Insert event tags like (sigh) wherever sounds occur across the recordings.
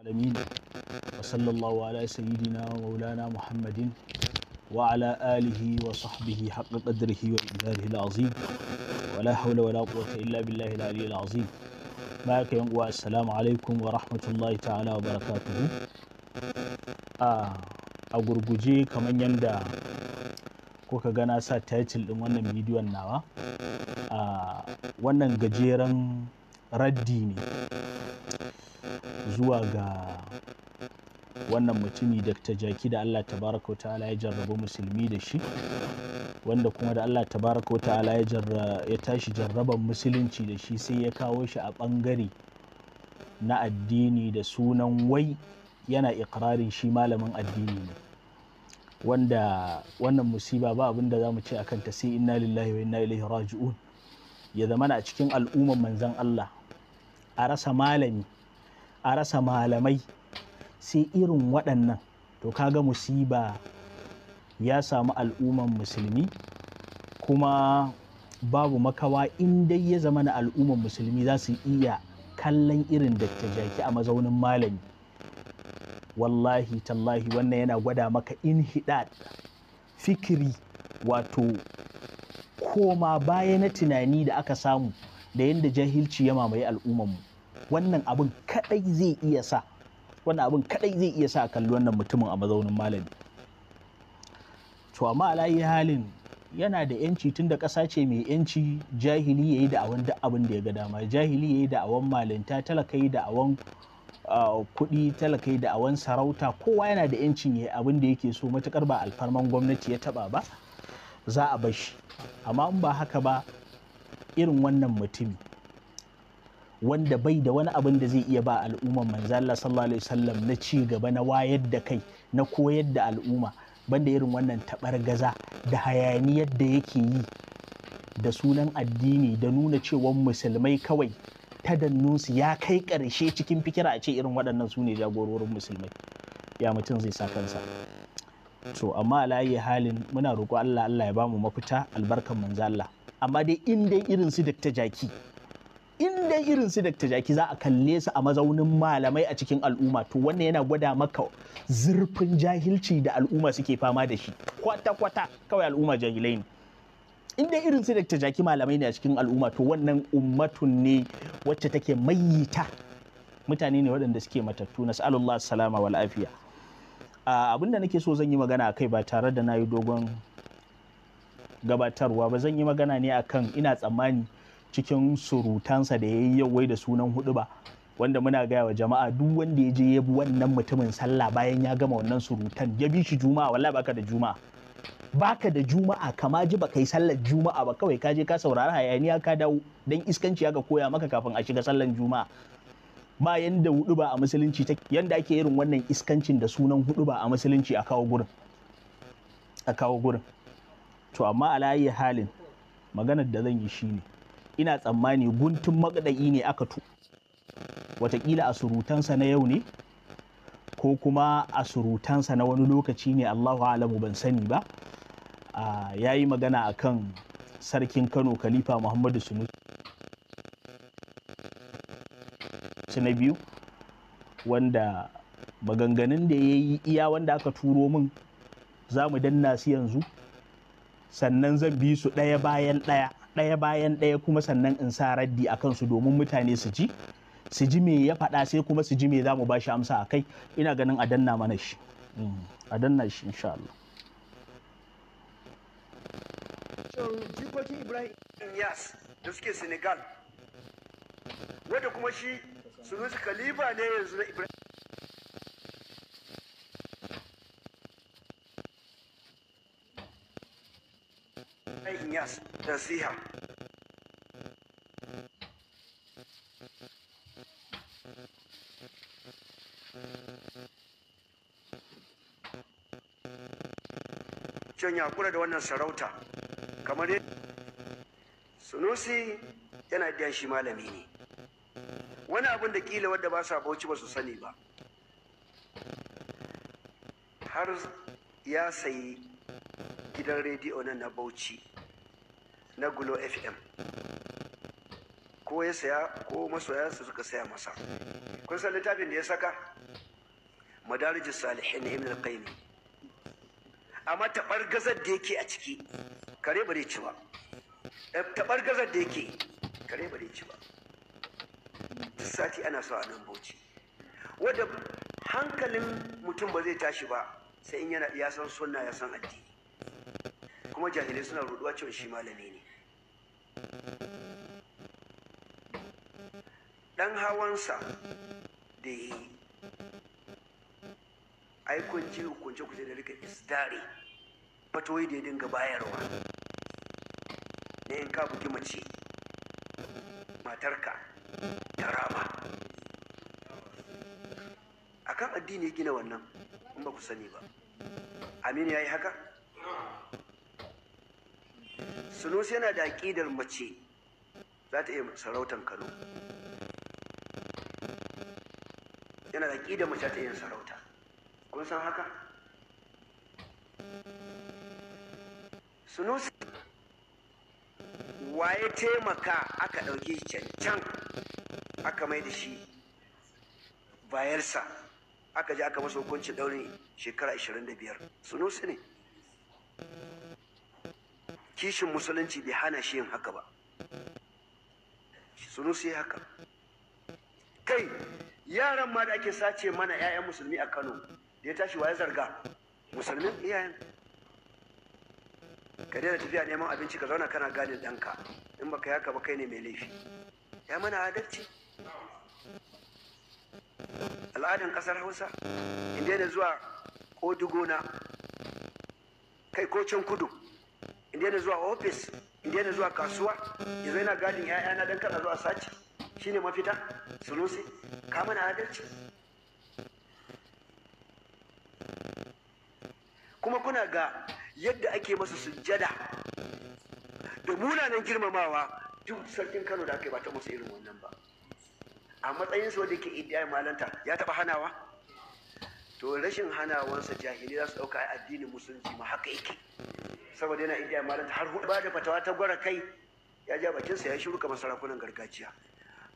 العالمين وصلى الله على سيدنا ومولانا محمد وعلى آله وصحبه حق قدره وإمداده العظيم ولا حول ولا قوة إلا بالله العلي العظيم معك يوم السلام عليكم ورحمة الله تعالى وبركاته آه أقرقجي كمن يندى كوكا gana sa title ɗin wannan bidiyon nawa wannan gajeren raddi ne zuwa ga wannan mutumi dr jaki da allah tabaraka ta'ala ya jarraba musulmi da shi wanda kuma da allah tabaraka ta'ala ya tashi jarraban musulunci da shi sai ya kawo shi a bangare na addini da sunan wai yana ikirarin shi malamin addini ne wanda wannan musiba ba abin da za mu ce a kanta sai inna lillahi wa inna ilaihi raji'un ya zama a cikin al'umman manzan allah a rasa malami a rasa malamai sai irin waɗannan to ka kaga musiba ya samu al'umman musulmi kuma babu makawa in dai ya zama na al'umman musulmi za su iya kallon irin ta jaki a mazaunin malami wallahi tallahi wannan yana gwada maka In inhidad fikiri wato koma baya na tunani da aka samu da yadda jahilci ya mamaye al'ummanmu wannan abin kadai zai iya sa wannan abin kadai zai iya sa kalli wannan mutumin a mazaunin malami to amma alayi halin yana da yanci tun da ƙasa ce mai yanci jahili ya yi da'awan duk abin da ya ga dama jahili ya yi da'awan malinta talakai awon ah, kuɗi talakai awon sarauta kowa yana da yancin ya abin da yake so matukar ba alfarman gwamnati ya taɓa ba za a bar amma in ba haka ba irin wannan mutumi wanda bai da wani abin da zai iya ba al'umman manzo Allah sallallahu alaihi wasallam na ci gaba na wayar da kai na koyar da al'umma banda irin wannan tabar gaza da hayaniyar da yake yi da sunan addini da nuna cewa musulmai kawai ta dannunsu. ya kai ƙarshe cikin fikira a ce irin waɗannan su ne jagororin musulmai ya mutum zai sa kansa to amma alayi halin muna roƙo Allah Allah ya bamu mafita albarkan manzo Allah amma dai in dai irin su dakta jaki in dai irin su da jaki za a kalle su a mazaunin malamai a cikin al'umma to wannan yana gwada maka zurfin jahilci da al'umma suke fama da shi kwata-kwata kawai al'umma jahilai ne in dai irin su da jaki malamai ne a cikin al'umma to wannan ummatun ne wacce take mayyita mutane ne waɗanda suke matattu na nas'alullah salama wal afiya abinda nake so zan yi magana akai ba tare da na yi dogon gabatarwa ba zan yi magana ne akan ina tsammani cikin surutansa da ya yi yawai da sunan hudu ba wanda muna gaya wa jama'a duk wanda ya je ya bi wannan mutumin sallah bayan ya gama wannan surutan ya bi shi juma'a wallahi baka da juma'a baka da juma'a kama ji ba yi sallar juma'a ba kawai ka je ka saurari hayaniya ka dawo dan iskanci ya ka koya maka kafin a shiga sallar juma'a ba yanda hudu ba a musulunci ta yanda ake irin wannan iskancin da sunan hudu ba a musulunci a kawo gurin a kawo gurin to amma alayi halin maganar da zan yi shine ne ina tsammani guntun magada'i ne aka tu watakila a surutansa na yau ne ko kuma a surutansa na wani lokaci ne allahu alamu ban sani ba ya yi magana a kan sarkin kano khalifa muhammadu Su na biyu wanda maganganun da ya yi iya wanda aka turo min za mu danna su yanzu sannan zan bi su ɗaya bayan ɗaya ɗaya bayan ɗaya kuma sannan in sa raddi a kansu domin mutane su ji su ji me ya faɗa sai kuma su ji me za mu ba shi amsa a kai ina ganin a danna mana shi a danna shi insha Allah. jikokin ibrahim yas da suke senegal wadda kuma shi sunusi khalifa ne yanzu na ibrahim nasiha can ya kura da wannan sarauta kamar sunusi yana da shi malami ne wani abin da kila wadda ba su abauci ba su sani ba har ya sayi gidan rediyo nan na bauchi na gulo fm ko ya saya ko masoyansa suka saya masa kun san littafin da ya saka madarijus salihin ibn al-qayyim amma tabar gazar da yake a ciki kare bare ci ba eh, tabar gazar da yake kare bare ci ba sati ana so a nan bauchi wanda hankalin mutum ba zai tashi ba sai in yana ya san sunna ya san addini kuma jahilai suna ruduwa cewa shi malami ne ɗan hawansa da yi aikunci hukunce kuce da rika isdari fatoyi da ya dinga bayarwa na in ka bugi mace matarka ta rama a kan addini ya gina wannan in ba ku sani ba aminu ya yi haka sunusi yana da aƙidar mace za ta iya sarautan kano tana da da mace ta yin sarauta kun san haka sunusi waye taimaka aka ɗauki cancan aka mai da shi bayarsa aka ji aka masa hukuncin ɗaurin shekara 25 sunusi ne kishin musulunci bai hana shi yin haka ba sunusi haka kai yaran ma da ake sace mana 'ya'yan musulmi a Kano da ya tashi waye zarga musulmin iyayen ka daina tafiya neman abinci ka zauna kana gadin ɗanka in baka yaka ba kai ne mai laifi ya mana adalci al'adan ƙasar hausa in daina zuwa ƙodugona kai ko can kudu in daina zuwa ofis in daina zuwa kasuwa yanzu yana gadin 'ya'yana dan kana zuwa sace Shi ne mafita sulusi ka mana adalci kuma kuna ga yadda ake masu sujjada da munanan girmamawa duk sarkin Kano da aka yi ba ta musu irin wannan ba a matsayinsa wanda yake idiyar malanta ya taba hanawa to rashin hanawansa jahili za su ɗauka a addinin musulunci ma haka yake saboda yana idiyar malanta har hudu ba da fatawa ta gwara kai ya ja bakinsa ya shiru kamar sarakunan gargajiya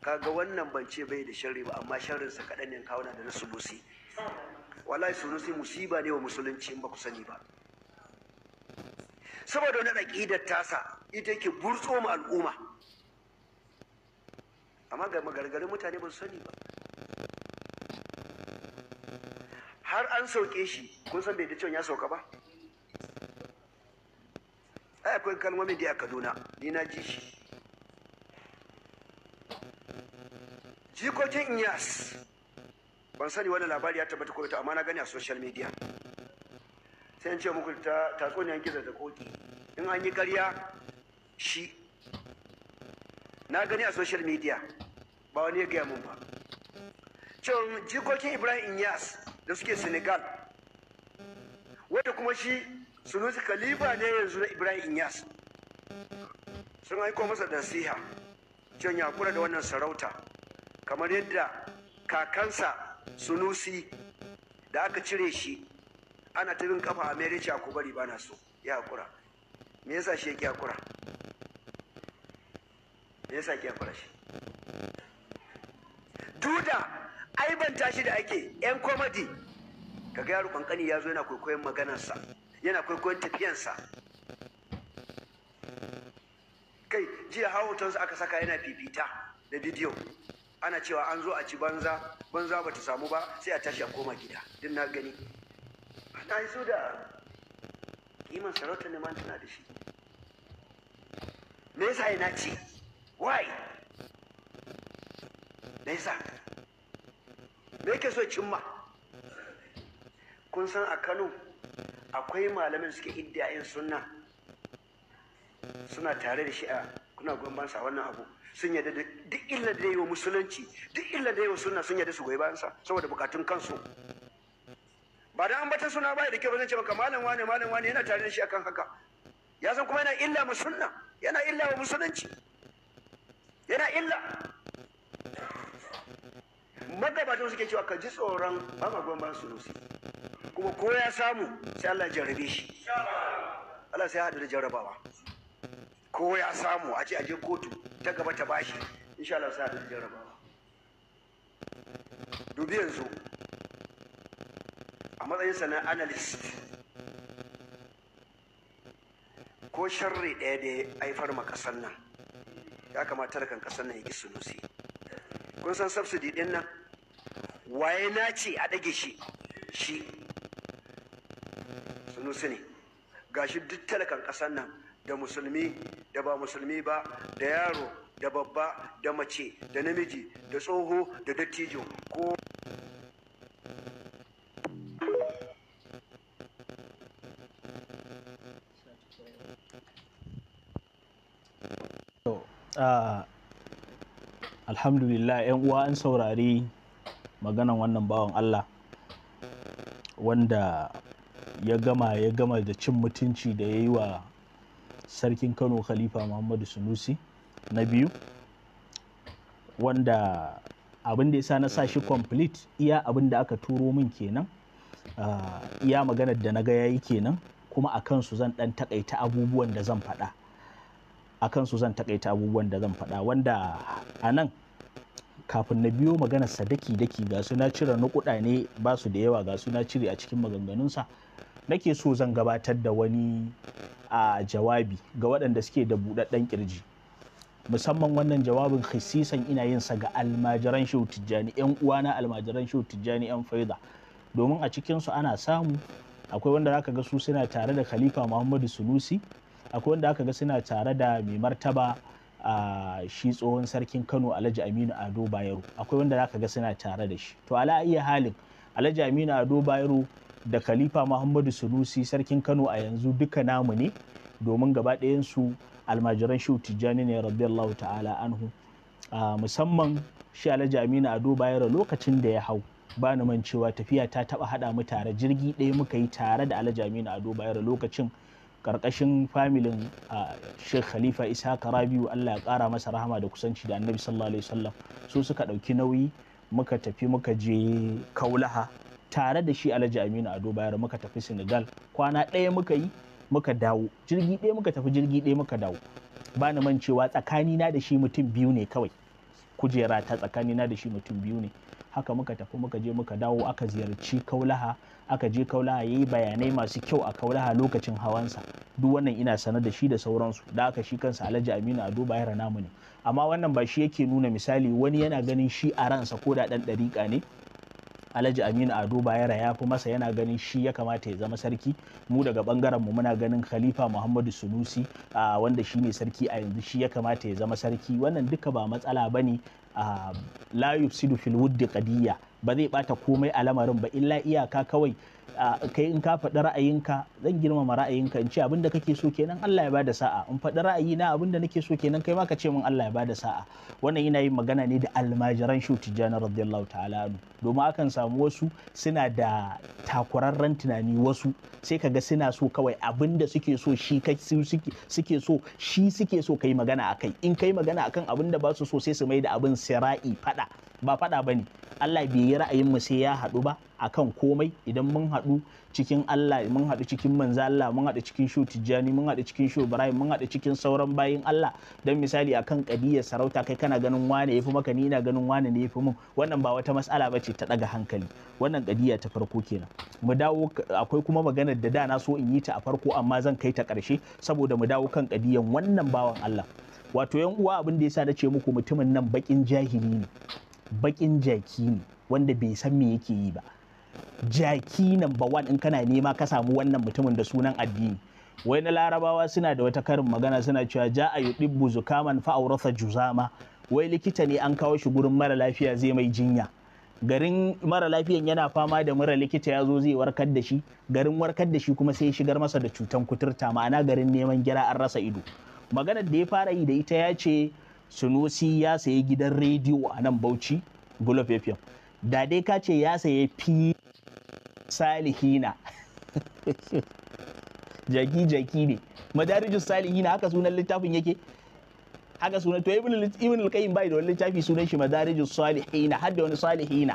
kaga wannan ban ce bai da sharri ba amma sharrinsa kaɗan ne kawo na da na sunusi wallahi sunusi musiba ne wa musulunci in ba ku sani ba saboda wani aƙidar tasa ita yake burtso ma al'umma amma ga magargarin mutane ba su sani ba har an sauke shi kun san bai da cewa ya sauka ba ai akwai kalmomin da a kaduna ni na ji shi jikokin Inyas, ban sani wani labari ya tabbata ko amma na gani a social media sai an ce muku ta tatsuniyar gizo da koki in an yi ƙarya shi na gani a social media ba wani ya gaya mun ba cewa jikokin ibrahim inyas da suke senegal wata kuma shi sunusi khalifa ne yanzu na ibrahim inyas sun aiko masa nasiha cewa ya kura da wannan sarauta kamar yadda kakansa sunusi da aka cire shi ana ta bin kafa america ku bari ba na so ya kura me yasa shi yake kura me yasa yake kura shi duda aiban tashi da ake yan komadi kaga yaro kankani ya zo yana kwaikwayon maganarsa yana kwaikwayon tafiyansa kai jiya hawa aka saka yana fifita da bidiyo ana cewa an zo a ci banza banza ta samu ba sai a tashi a koma gida din na gani na yi da kiman sarauta ne man tana da shi me yasa yana ci why me yasa me yake so cimma kun san a Kano akwai malamin suke yin sunna suna tare da shi a kuna sa wannan abu sun yarda da duk illa da yi wa musulunci duk illa da yi wa suna sun yarda su goyi bayansa saboda bukatun kansu ba da an bata suna ba da kyau ba zan ce maka malam wane malam wane yana tare da shi akan haka ya san kuma yana illa mu sunna yana illa wa musulunci yana illa magabatan suke cewa ka ji tsoron ba ma su sunusi kuma ko ya samu sai Allah ya jarrabe shi Allah sai ya haɗu da jarrabawa ko ya samu a je aje kotu ta gaba ta bashi insha Allah sai da jarabawa dubi yanzu a matsayinsa na analyst ko sharri ɗaya da ya haifar ma ƙasar nan ya kamata da kan ƙasar nan ya gisu nusi kun san subsidy ɗin nan waye na ce a ɗage shi shi sunusi ne gashi duk talakan ƙasar nan da musulmi da ba musulmi ba da yaro da babba da mace da namiji da tsoho da dattijo ko alhamdulillah yan uwa an saurari maganan wannan bawan Allah wanda ya gama ya gama da cin mutunci da ya yi wa sarkin kano khalifa muhammadu sunusi na biyu wanda abin da yasa na sa shi complete iya abin da aka turo min kenan ah, iya maganar da na ga yayi kenan kuma a kansu zan dan takaita abubuwan da zan faɗa a kansu zan takaita abubuwan da zan faɗa wanda a nan kafin na biyo maganar sadaki daki ga su na cire nukuɗa ne ba su da yawa ga su na cire a cikin maganganunsa nake so zan gabatar da wani a jawabi ga waɗanda suke da buɗaɗɗen kirji musamman wannan jawabin khisisan ina yin sa ga almajiran shehu tijjani yan uwana almajiran shehu tijjani yan faida domin a cikin su ana samu akwai wanda zaka ga su suna tare da khalifa muhammadu sulusi akwai wanda zaka ga suna tare da mai martaba a shi tsohon sarkin kano alhaji aminu ado bayero akwai wanda zaka ga suna tare da shi to ala iya halin alhaji aminu ado bayero da khalifa muhammadu sunusi sarkin kano a yanzu duka namu ne domin gaba ɗayansu almajiran shi tijjani ne radiyallahu ta'ala anhu musamman shi alhaji aminu ado bayero lokacin da ya hau ba ni man cewa tafiya ta taba hada mu tare jirgi ɗaya muka yi tare da alhaji aminu ado bayero lokacin karkashin familin sheikh khalifa isa rabiu allah ya kara masa rahama da kusanci da annabi sallallahu alaihi wasallam su suka dauki nauyi muka tafi muka je kaulaha tare da shi alhaji aminu ado bayar muka tafi senegal kwana ɗaya muka yi muka dawo jirgi ɗaya muka tafi jirgi ɗaya muka dawo ba ni man cewa tsakanina da shi mutum biyu ne kawai kujera ta tsakanina da shi mutum biyu ne haka muka tafi muka je muka dawo aka ziyarci kaulaha aka je kaulaha ya yi bayanai masu kyau a kaulaha lokacin hawansa duk wannan ina sanar da shi da sauransu da aka shi kansa alhaji aminu ado bayar namu ne amma wannan ba shi yake nuna misali wani yana ganin shi a ransa ko da ɗan ɗariƙa ne alhaji aminu ado bayera ya fi masa yana ganin shi ya kamata ya zama sarki mu daga bangaren mu muna ganin khalifa muhammadu sunusi wanda shi ne sarki a yanzu shi ya kamata ya zama sarki wannan duka ba matsala ba ne la yufsidu fil wuddi qadiya ba zai bata komai a lamarin ba illa iyaka kawai kai in ka faɗi ra'ayinka zan girmama ra'ayinka in ce abin da kake so kenan Allah ya bada sa'a in faɗi ra'ayi na abin da nake so kenan kai ma ka ce min Allah ya bada sa'a wannan yana yin magana ne da almajiran shu tijjani radiyallahu ta'ala anhu domin akan samu wasu suna da takurarren tunani wasu sai ka ga suna so kawai abin da suke so shi suke so shi suke so kai magana akai in kai magana akan abin da ba su so sai su mai da abin sira'i fada ba fada bane Allah bai yi ra'ayin mu sai ya haɗu ba akan komai idan mun haɗu cikin Allah mun haɗu cikin manzo Allah mun haɗu cikin shu tijjani mun haɗu cikin shu Ibrahim mun haɗu cikin sauran bayin Allah dan misali akan kadiyar sarauta kai kana ganin wane yafi maka ni ina ganin wane ne yafi mun wannan ba wata mas'ala bace ta daga hankali wannan kadiya ta farko kenan mu dawo akwai kuma maganar da da na so in yi ta a farko amma zan kai ta karshe saboda mu dawo kan kadiyan wannan bawan Allah wato yan uwa abin da yasa na ce muku mutumin nan bakin jahili ne bakin jaki ne wanda bai san me yake yi ba jaki number one in kana nema ka samu wannan mutumin da sunan addini wai na larabawa suna da wata karin magana suna cewa ja a yi zukaman fa fa'aurasa juzama wai likita ne an kawo shi gurin mara lafiya zai mai jinya garin mara lafiyan yana fama da mura likita ya zo zai warkar da shi garin warkar da shi kuma sai shigar masa da cutan kuturta ma'ana garin neman gira an rasa ido maganar da ya fara yi da ita ya ce sunusi ya sayi gidan rediyo a nan bauchi gulof fm da dai ka ce ya saye fi salihina (laughs) jaki jaki ne madarijus salihina haka sunan littafin yake haka sunan to ibn ibn al-qayyim bai da wani littafi sunan shi madarijus salihin hadda wani salihina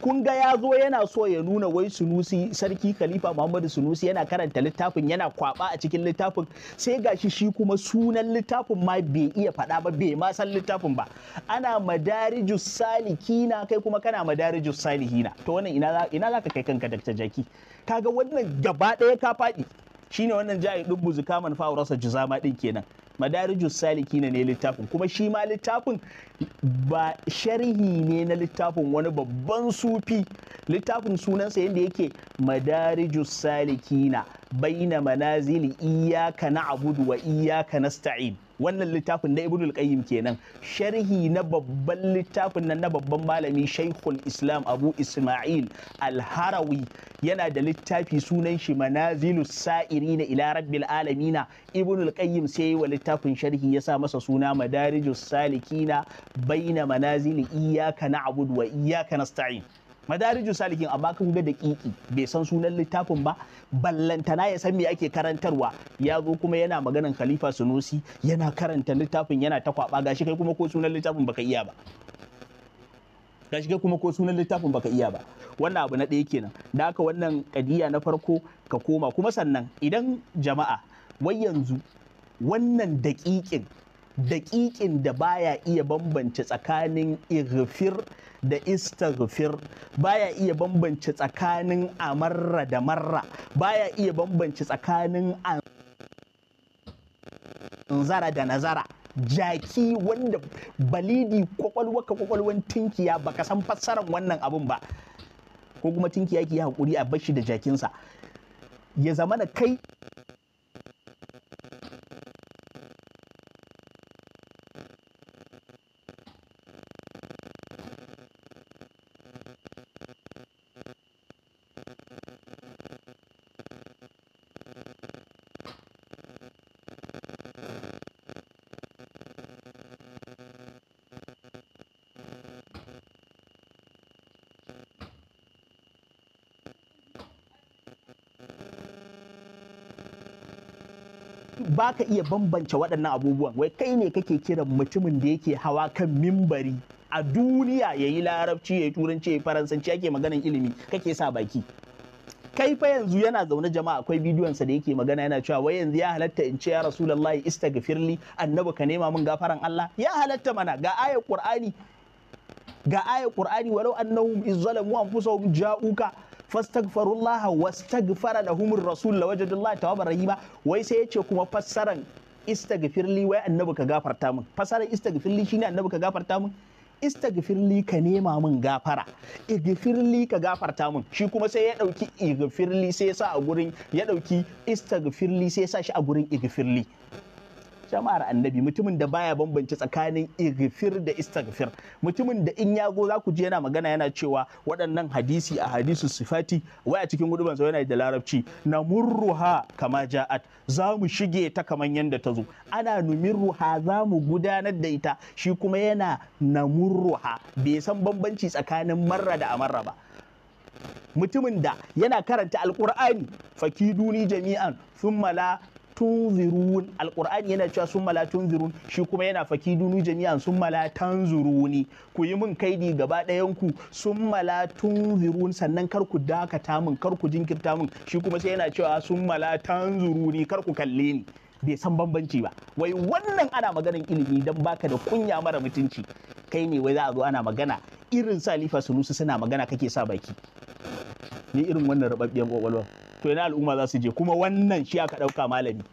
kun ga ya zo yana so ya nuna wai sunusi sarki khalifa muhammadu sunusi yana karanta littafin yana kwaba a cikin littafin sai gashi shi kuma sunan littafin ma bai iya faɗa ba bai ma san littafin ba ana madarijus salihina kai kuma kana madarijus salihina to wannan ina ina zaka kai kanka dr jaki kaga wannan gaba ɗaya ka faɗi shine wannan jihar dubbu zukaman fa rasa juzama din kenan madarijus saliki ne littafin kuma shi ma littafin ba sharhi ne na littafin wani babban sufi littafin sunansa yadda yake madarijus salikina baina manazili iyaka na abudu wa iyaka nasta'in wannan littafin na ibnul qayyim kenan sharhi na babban littafin nan na babban malami shaikhul islam abu isma'il al-harawi yana da littafi sunan shi manazilus sa'irina ila rabbil alamina ibnul qayyim sai wa littafin sharhi ya sa masa suna madarijus salikina baina manazili iyyaka na'budu wa iyyaka nasta'in madarijin salikin amma kun ga kiki bai san sunan littafin ba ballantana ya san me ake karantarwa ya zo kuma yana maganan khalifa sunusi yana karanta littafin yana ta kwaba gashi kai kuma ko sunan littafin baka iya ba gashi kai kuma ko sunan littafin baka iya ba wannan abu na ɗaya kenan da haka wannan kadiya na farko ka koma kuma sannan idan jama'a wai yanzu wannan daƙiƙin daƙiƙin da baya iya bambance tsakanin irfir da istaghfir baya iya bambance tsakanin amarra da marra baya iya bambance tsakanin anzara da nazara jaki wanda balidi kwakwalwa ka kwakwalwan tinkiya baka san fassarar wannan abun ba ko kuma tinkiya ki hakuri a bashi da jakinsa ya zamana kai ba ka iya bambance waɗannan abubuwan wai kai ne kake kiran mutumin da yake hawa kan mimbari a duniya ya yi larabci ya yi turanci ya yi faransanci ake maganan ilimi kake sa baki kai fa yanzu yana zaune jama'a akwai bidiyonsa da yake magana yana cewa wai yanzu ya halatta in ce ya rasulullahi istaghfirli annabi ka nema min gafaran Allah ya halatta mana ga ayat qur'ani ga ayat qur'ani walau annahum izzalamu anfusahum ja'uka fastaghfirullaha da lahumur rasul lawajadullahi tawwabar rahima wai sai yace kuma fassaran istaghfirli wai annabi ka gafarta min fassaran istaghfirli shine annabi ka gafarta min istaghfirli ka nema min gafara igfirli ka gafarta min shi kuma sai ya dauki igfirli sai ya sa a gurin ya dauki istaghfirli sai ya sa shi a gurin igfirli jama'ar annabi mutumin da baya bambance tsakanin igfir da istaghfir mutumin da in yago za ku ji yana magana yana cewa waɗannan hadisi a hadisu sifati waya cikin guduban sa yana da larabci na murruha kama ja'at zamu shige ta kaman yanda ta zo ana numin za zamu gudanar da ita shi kuma yana namurruha bai san bambanci tsakanin marra da amarra ba mutumin da yana karanta alkur'ani fakiduni jami'an sun mala tunzirun alkur'ani yana cewa sun mala tunzirun shi kuma yana faki dunu jami'an sun mala tanzuruni ku yi min kaidi gaba ɗayanku ku mala tunzirun sannan kar ku dakata min kar ku jinkirta min shi kuma sai yana cewa sun mala tanzuruni kar ku kalle ni bai san bambanci ba wai wannan ana maganan ilimi dan baka da kunya mara mutunci kai ne wai za a zo ana magana irin salifa sunusu suna magana kake sa baki ni irin wannan rababbiyan kwakwalwa to yana al'umma za su je kuma wannan shi aka ɗauka malami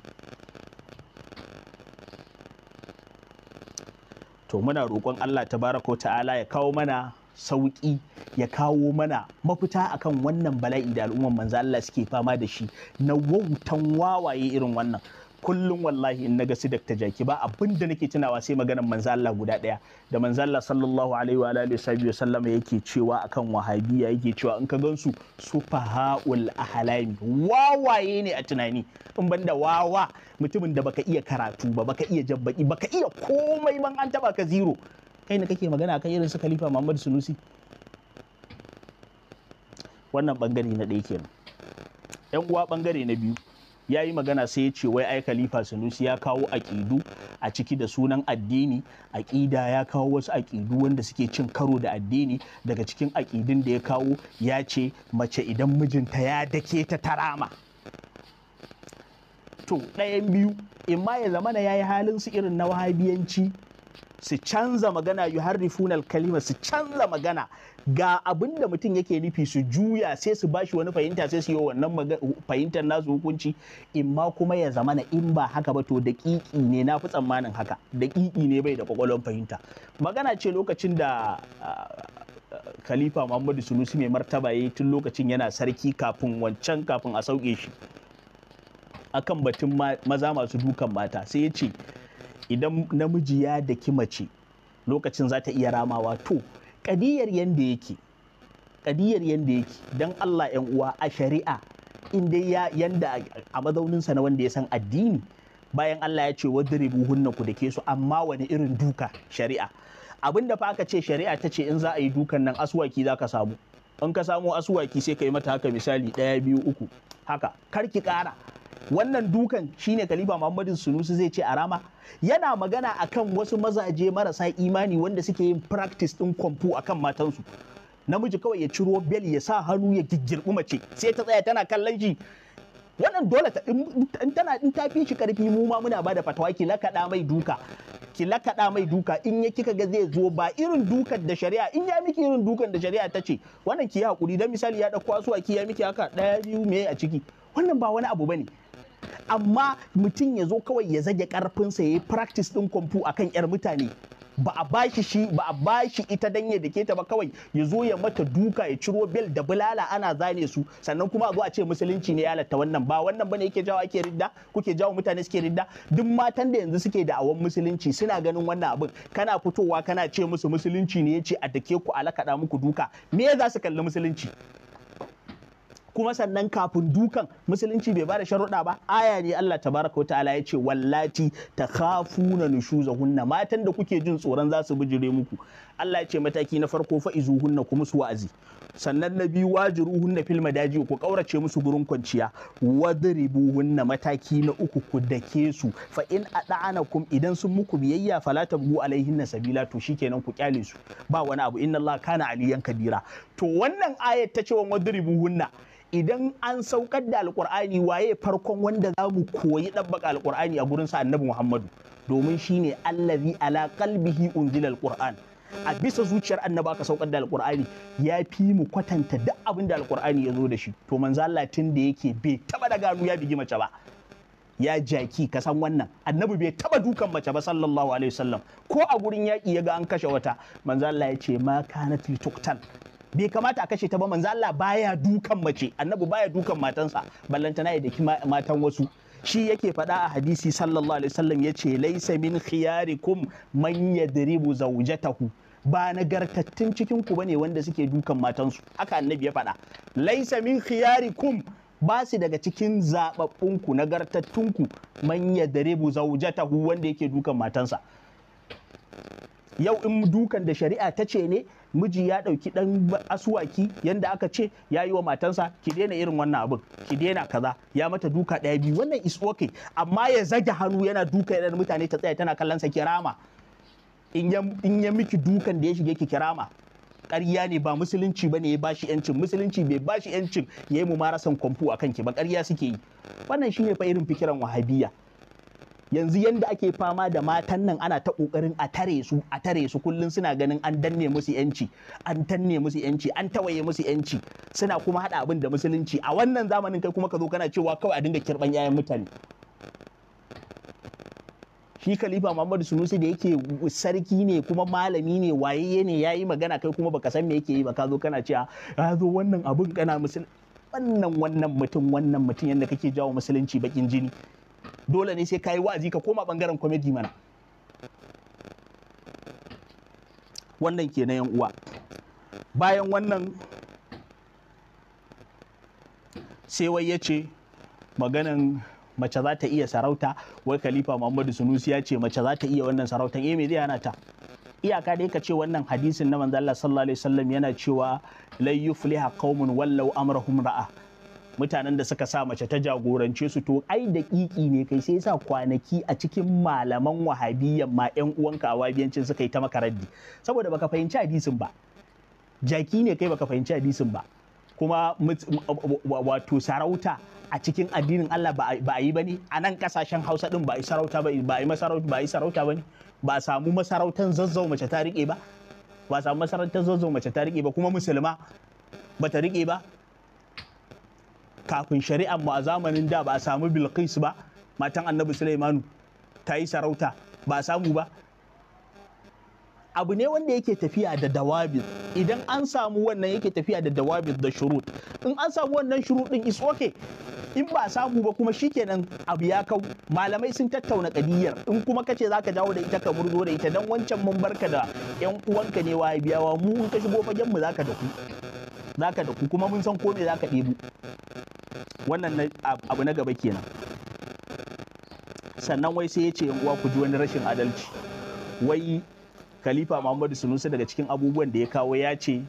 to muna roƙon Allah ta barako ta'ala ya kawo mana sauƙi ya kawo mana mafita akan wannan bala'i da al'umman manzo Allah suke fama da shi na wautan wawaye irin wannan kullum wallahi in naga sidak ta jaki ba abin da nake tunawa sai maganar manzo Allah guda daya da manzo Allah sallallahu alaihi wa alihi wa sallam yake cewa akan wahabiya yake cewa in ka gansu sufahaul ahlami wawaye ne a tunani in banda wawa mutumin da baka iya karatu ba baka iya jabbaki baka iya komai man an taba ka zero kai ne kake magana akan irin su khalifa Muhammad Sunusi wannan bangare na ɗaya kenan yan uwa bangare na biyu ya yi magana sai ya ce wai ai khalifa sanusi ya kawo aƙidu a ciki da sunan addini aƙida ya kawo wasu aƙidu wanda suke cin karo da addini daga cikin aƙidun da ya kawo ya ce mace idan mijinta ya dake ta tarama to ɗayan biyu imma ya zamana ya yi halin su irin na wahabiyanci su canza magana yuharrifuna kalima su canza magana ga abin da mutum yake nufi su juya sai su bashi wani fahimta sai su yi wannan fahimtar nasu hukunci imma kuma ya zama na in ba haka ba to daƙiƙi ne na fi tsammanin haka daƙiƙi ne bai da kwakwalwar fahimta magana ce lokacin da ah, khalifa muhammadu sunusi mai martaba ya tun lokacin yana sarki kafin wancan kafin a sauke shi akan batun maza masu dukan mata sai ya ce idan namiji ya daki mace lokacin za ta iya ramawa to kadiyar yanda yake kadiyar yanda yake don Allah yan uwa a shari'a in dai ya yanda a mazauninsa na wanda ya san addini bayan Allah ya ce wadribu hunna ku ke su amma wani irin duka shari'a Abin da fa ce shari'a ta ce in za a yi dukan nan aswaki ka samu in ka samu aswaki sai ka yi mata haka misali ɗaya biyu uku haka kar ki ƙara wannan dukan shine khalifa muhammadu sunusi zai ce a rama yana magana akan wasu mazaje marasa imani wanda suke yin practice din kwamfu akan matansu namiji kawai ya ciro bel ya sa hannu ya giggirbi mace sai ta tsaya tana kallon shi wannan dole ta in tana in ta fi shi karfi mu ma muna bada fatawa ki lakada mai duka ki lakada mai duka in ya kika ga zai zo ba irin dukan da shari'a in ya miki irin dukan da shari'a ta ce wannan ki hakuri dan misali ya dauko asuwa ki ya miki haka daya biyu me a ciki wannan ba wani abu bane amma mutum ya zo kawai ya zage karfinsa ya yi practice ɗin kwamfu akan 'yar mutane ba a bashi shi ba a bashi ita dan ya dake ta ba kawai ya zo ya mata duka ya ciro bel da bulala ana zane su sannan kuma a zo a ce musulunci ne ya latta wannan ba wannan bane yake jawo ake ridda kuke jawo mutane suke ridda duk matan da yanzu suke da awon musulunci suna ganin wannan abin kana fitowa kana ce musu musulunci ne ya ce a dake ku a lakaɗa muku duka me za su kalli musulunci kuma sannan kafin dukan musulunci bai bada sharuɗa ba aya ne Allah tabaraka wata'ala ya ce wallati takhafuna hunna matan da kuke jin tsoron za su bijire muku Allah ya ce mataki na farko fa'izu hunna kuma su wa'azi sannan na biyu hunna fil madaji ku kaurace musu gurin kwanciya hunna mataki na uku ku dake su fa in kum idan sun muku biyayya fala tabgu alaihinna sabila to shikenan ku kyale su ba wani abu inna Allah kana aliyan kabira to wannan ayat ta ce wa hunna. idan an saukar da alkur'ani waye farkon wanda za mu koyi ɗabbaka alkur'ani a gurin sa annabi muhammadu domin shine allazi ala qalbihi unzila alkur'an a bisa zuciyar annaba aka saukar da alkur'ani ya fi mu kwatanta duk abin da alkur'ani ya zo da shi to manzo Allah tun da yake bai taba da gano ya bigi mace ba ya jaki ka san wannan annabi bai taba dukan mace ba sallallahu alaihi wasallam ko a gurin yaƙi ya ga an kashe wata manzo Allah ya ce ma kanat tuktal bai kamata a kashe ta ba manzo Allah baya dukan mace annabi baya dukan matansa ballantana ya daki matan wasu shi yake faɗa a hadisi sallallahu alaihi wasallam yace laysa min khiyarikum man yadribu zawjatahu ba nagartattun cikin ku bane wanda suke dukan matansu haka annabi ya faɗa laysa min khiyarikum ba su daga cikin zaɓaɓɓunku nagartattunku man yadribu zawjatahu wanda yake dukan matansa yau in dukan da shari'a ta ce ne miji ya ɗauki ɗan asuwaki yanda aka ce ya yi wa matansa ki daina irin wannan abin ki daina kaza ya mata duka ɗaya biyu wannan is okay amma ya zage hannu yana duka yana mutane ta tsaya tana kallon sa kirama in ya miki dukan da ya shige ki kirama ƙarya ne ba musulunci ba ne ya bashi yancin musulunci bai bashi yancin ya yi mu marasan kwamfu a kanki ba ƙarya suke yi wannan shine fa irin fikiran wahabiyya. yanzu yanda ake fama da matan nan ana ta kokarin a tare su a tare su kullun suna ganin an danne musu yanci an danne musu yanci an tawaye musu yanci suna kuma hada abin da musulunci a wannan zamanin kai kuma ka zo kana cewa kawai a dinga kirban yayan mutane shi khalifa muhammadu sunusi da yake sarki ne kuma malami ne wayayye ne yayi magana kai kuma baka san me yake yi ba ka zo kana cewa ya zo wannan abun kana musulunci wannan wannan mutum wannan mutum yadda kake jawo musulunci bakin jini dole ne sai ka yi wa'azi ka koma bangaren kwamiti mana wannan ke na yan uwa bayan wannan sai wai ya ce maganan mace za ta iya sarauta wai khalifa muhammadu sunusi ya ce mace za ta iya wannan sarautan eh me zai hana ta iyaka da ka ce wannan hadisin na manzo Allah sallallahu alaihi wasallam yana cewa la yufliha qaumun wallau amrahum ra'a mutanen da suka sa mace ta jagorance su to ai daƙiƙi ne kai sai sa kwanaki a cikin malaman wahabiyyan ma yan uwanka a wahabiyancin suka yi ta makaraddi saboda baka fahimci hadisin ba jaki ne kai baka fahimci hadisin ba kuma wato sarauta a cikin addinin Allah ba a yi ba ne a nan kasashen hausa din ba a yi sarauta ba ba a yi sarauta ba ne ba a samu masarautar zazzau mace ta riƙe ba ba a samu masarautar zazzau mace ta riƙe ba kuma musulma ba ta riƙe ba kafin shari'ar mu a zamanin da ba a samu bilqis ba matan annabi sulaimanu ta yi sarauta ba a samu ba abu ne wanda yake tafiya da dawabin idan an samu wannan yake tafiya da dawabin da shurut in an samu wannan shurut din is okay in ba samu ba kuma shikenan abu ya kau malamai sun tattauna kadiyar in kuma kace zaka dawo da ita ka murzo da ita dan wancan mun barka da yan uwanka ne waye biyawa mu in ka shigo fagen mu zaka da zaka da kuma mun san ko me zaka ɗebu wannan abu na gaba kenan sannan wai sai ya ce uwa ku ji wani rashin adalci wai khalifa muhammadu sunusa daga cikin abubuwan da ya kawo ya ce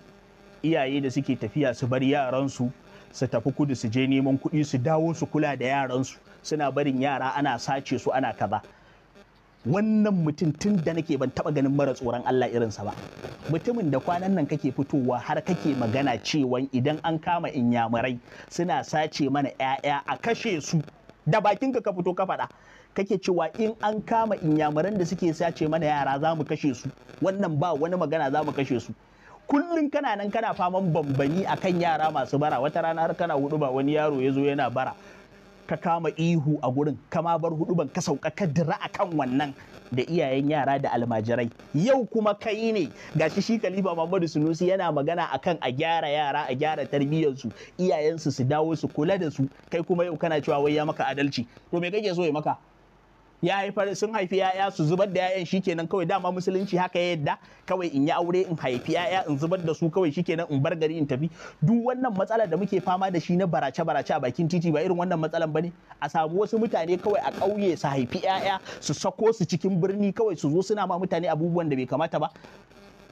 iyaye da suke tafiya su bar yaransu su tafi kudu su je neman kuɗi su dawo su kula da yaransu suna barin yara ana sace su ana kaza wannan mutum tun da nake ban taba ganin mara tsoron Allah irinsa ba mutumin da kwanan nan kake fitowa har kake magana cewa idan an kama inyamurai suna sace mana 'ya'ya a kashe su da bakinka ka fito ka faɗa kake cewa in an kama inyamuran da suke sace mana yara za mu kashe su wannan ba wani magana za mu kashe su kullum kana nan kana faman bambani akan yara masu bara wata rana har kana hudu ba wani yaro ya zo yana bara ka kama ihu a gurin kama bar hudu ban ka sauka ka dira kan wannan da iyayen yara da almajirai yau kuma kai ne Ga shi shi kalifa Muhammadu Sunusi yana magana akan a gyara yara a gyara tarbiyyarsu iyayensu su dawo su kula da su kai kuma yau kana cewa wai ya maka adalci to me kake so ya maka ya haifar sun haifi yaya su zubar da yayan shikenan kawai dama musulunci haka ya yadda kawai in yi aure in haifi yaya in zubar da su kawai shikenan in bar gari in tafi duk wannan matsalar da muke fama da shi na barace barace a bakin titi ba irin wannan matsalar bane a samu wasu mutane kawai a kauye su haifi yaya su sako su cikin birni kawai su zo suna ma mutane abubuwan da bai kamata ba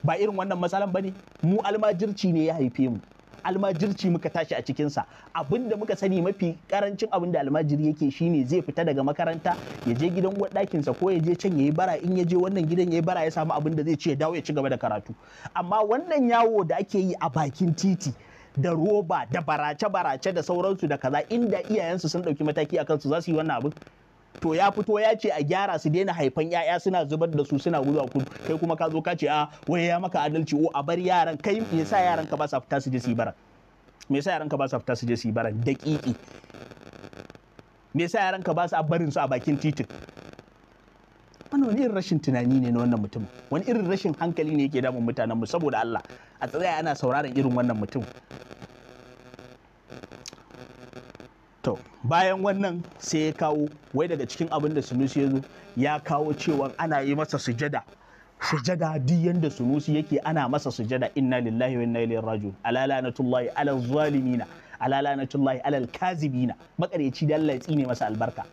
ba irin wannan matsalan bane mu almajirci ne ya haife mu almajirci muka tashi a cikinsa abin da muka sani mafi karancin abin da almajiri yake shine zai fita daga makaranta ya je gidan uwar ɗakinsa ko ya je can ya yi bara in ya je wannan gidan ya yi bara ya samu abin da zai ce ya dawo ya ci gaba da karatu amma wannan yawo da ake yi a bakin titi da roba da barace-barace da sauransu da kaza inda iyayensu sun ɗauki mataki a kansu za su yi wannan abin to ya fito ya ce a gyara su daina haifan yaya suna zubar da su suna gudu a kudu kai kuma ka zo ka ce a ah, wai ya maka adalci o a bar yaran kai me yasa yaran ka ba sa fita su je su yi bara me yasa yaran ka ba sa fita su je su yi bara daƙiƙi me yasa yaran ka ba sa barin su a bakin titin wani wani irin rashin tunani ne na wannan mutum wani irin rashin hankali ne yake damun mutanenmu saboda Allah a tsaya ana sauraron irin wannan mutum to bayan wannan sai ya kawo wai daga cikin abin da sunusi ya zo ya kawo cewa ana yi masa sujada sujada duk yanda sunusi yake ana masa sujada inna lillahi wa inna ilaihi raji'un ala lanatullahi ala zalimina ala lanatullahi ala alkazibina makareci da Allah ya tsine masa albarka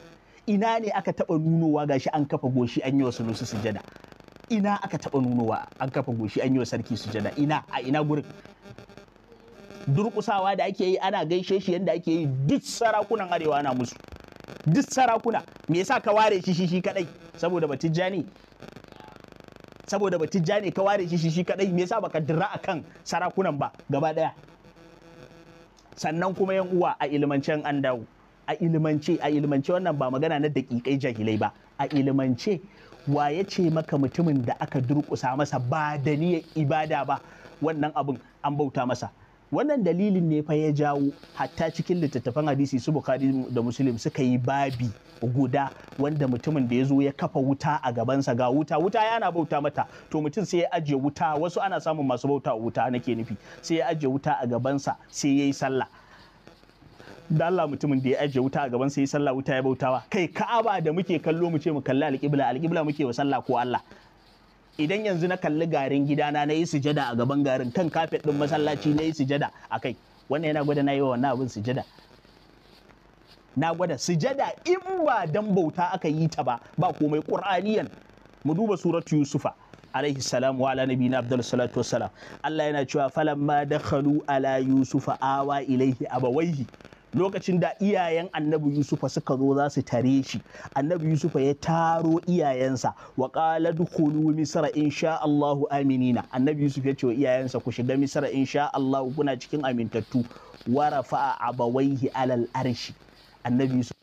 ina ne aka taba nunowa gashi an kafa goshi an yi wa sunusi sujada ina aka taba nunowa an kafa goshi an yi wa sarki sujada ina a ina gurin durkusawa da ake yi ana gaishe shi yadda ake yi duk sarakunan arewa na musu duk sarakuna me yasa ka ware shi shi kadai saboda ba tijjani saboda ba tijjani ka ware shi shi kadai me yasa baka dira akan sarakunan ba gaba daya sannan kuma yan uwa a ilmancen an dawo a ilimance a ilmance wannan ba magana na dakikai jahilai ba a ilimance wa ya ce maka mutumin da aka durkusa masa ba da niyyar ibada ba wannan abin an bauta masa wannan dalilin ne fa ya jawo hatta cikin littattafan hadisi su bukari da muslim suka yi babi guda wanda mutumin da ya zo ya kafa wuta a gabansa ga wuta wuta yana bauta mata to mutum sai ya ajiye wuta wasu ana samun masu bauta wuta nake nufi sai ya ajiye wuta a gabansa sai ya yi sallah da Allah mutumin da ya ajiye wuta a gaban sai sallah wuta ya bautawa kai ka'aba da muke kallo mu ce mu kalli alƙibla alƙibla muke wa sallah ko Allah idan yanzu na kalli garin gidana na yi sujada a gaban garin kan kafet ɗin masallaci na yi sujada a kai wannan yana gwada na yi wa wannan abin sujada na gwada sujada in ba dan bauta aka yi ta ba ba komai qur'aniyan mu duba suratu yusufa alaihi salam wa ala nabiyina abdul salatu wassalam Allah yana cewa falamma dakhalu ala yusufa awa ilaihi abawaihi lokacin da iyayen annabi yusufa suka zo za su tare shi annabi yusufa ya taro iyayensa wa qala dukhulu misra insha Allahu aminina annabi yusuf ya ce wa iyayensa ku shiga misra insha Allahu kuna cikin amintattu wa rafa'a abawaihi alal arshi annabi yusuf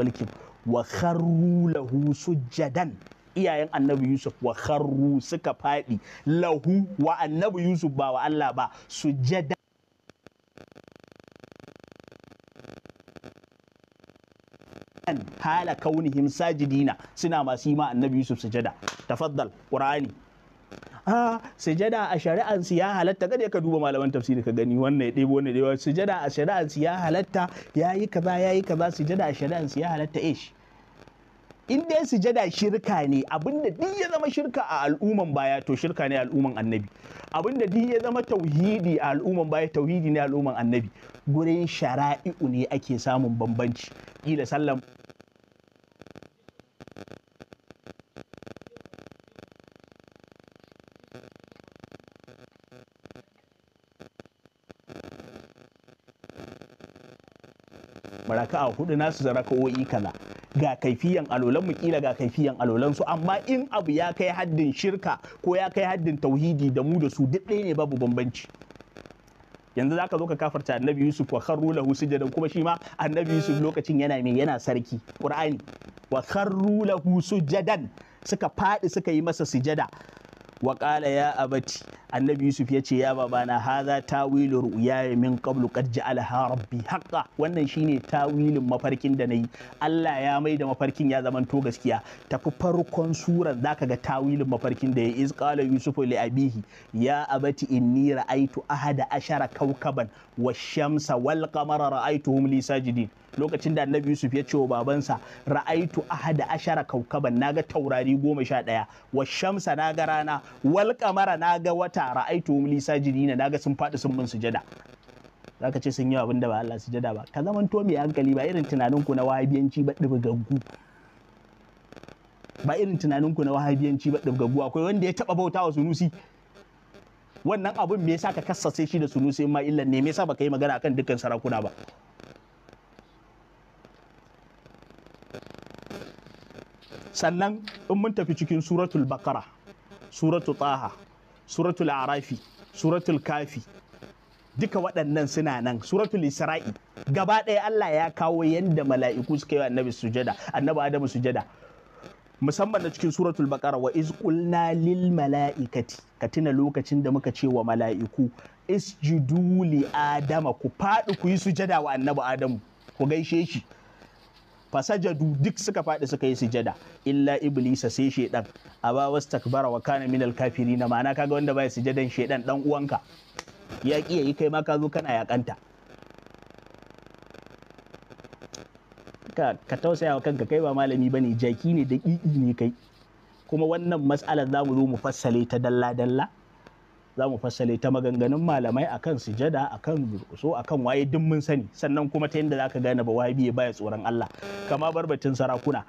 mulkin wa kharru lahu sujjadan iyayen annabi yusuf wa kharru suka faɗi lahu wa annabi yusuf ba wa allah ba sujjadan hala kaunihim sajidina suna masu yi ma annabi yusuf sujada tafaddal qur'ani a ah, sujada a shari'an ya halatta kada ka duba malaman tafsiri ka gani wannan ya ɗebo wannan ya sujada a shari'an ya halatta yayi kaza yayi kaza sujada a shari'an ya halatta ish in dai sujada shirka ne abinda duk ya zama shirka a al'umman baya to shirka ne al'umman annabi abinda duk ya zama tauhidi a al'umman baya tauhidi ne al'umman annabi gurin shara'i'u ne ake samun bambanci kila sallan raka'a hudu nasu da raka'o'i kaza ga kaifiyan alolan mu kila ga kaifiyan alolan su amma in abu ya kai haddin shirka ko ya kai haddin tauhidi da mu da su duk ɗaya ne babu bambanci yanzu zaka zo ka kafarta annabi yusuf wa kharru lahu sujadan kuma shi ma annabi yusuf lokacin yana mai yana sarki qur'ani wa kharru lahu sujadan suka faɗi suka yi masa sujada Waƙala ya abati annabi yusuf ya ce ya babana haza tawilu ru'ya min qablu qad ja'alaha rabbi haqqa wannan shine tawilin mafarkin da nayi Allah ya mai da mafarkin ya zaman to gaskiya tafi farkon sura zaka ga tawilin mafarkin da ya iz qala yusuf li abihi ya abati inni ra'aytu ahada ashara kawkaban wash-shamsa wal qamara ra'aytuhum li sajidin lokacin da annabi yusuf ya ce wa babansa ra'aitu ahada ashara kaukaban naga taurari goma sha ɗaya wa shamsa naga rana wal kamara naga wata ra'aitu umli sajidina naga sun faɗi sun mun sujada zaka ce sun yi abin da ba Allah sujada ba ka zaman to mai hankali ba irin tunanin ku na wahabiyanci ba dubgaggu ba irin tunanin ku na wahabiyanci ba dubgaggu akwai wanda ya taba bautawa sunusi wannan abin me yasa ka kassace shi da sunusi ma illan ne me yasa baka yi magana akan dukkan sarakuna ba sannan in mun tafi cikin suratul bakara suratul taha suratul arafi suratul kafi duka waɗannan suna nan suratul isra'i gaba ɗaya Allah ya kawo yadda mala'iku suka yi annabi sujada annabi adamu sujada musamman da cikin suratul bakara, wa iz lil mala'ikati ka tuna lokacin da muka ce wa mala'iku isjudu li adama ku faɗi ku yi sujada wa annabi adamu ku gaishe shi fasajadu duk suka faɗi suka yi sujada illa iblisa sai shedan wasu takbara wa kana alkafiri na ma'ana kaga wanda bai sujadan shedan dan uwanka ya ki yayi kai ma ka zo kana yakanta ka ka tausaya wa kanka kai ba malami bane jaki ne da ne kai kuma wannan mas'alar zamu zo mu fassale ta dalla dalla za mu fassale ta maganganun malamai akan sujada akan durƙuso akan waye duk mun sani sannan kuma ta yadda ka gane ba waye ya baya tsoron Allah kama barbatin sarakuna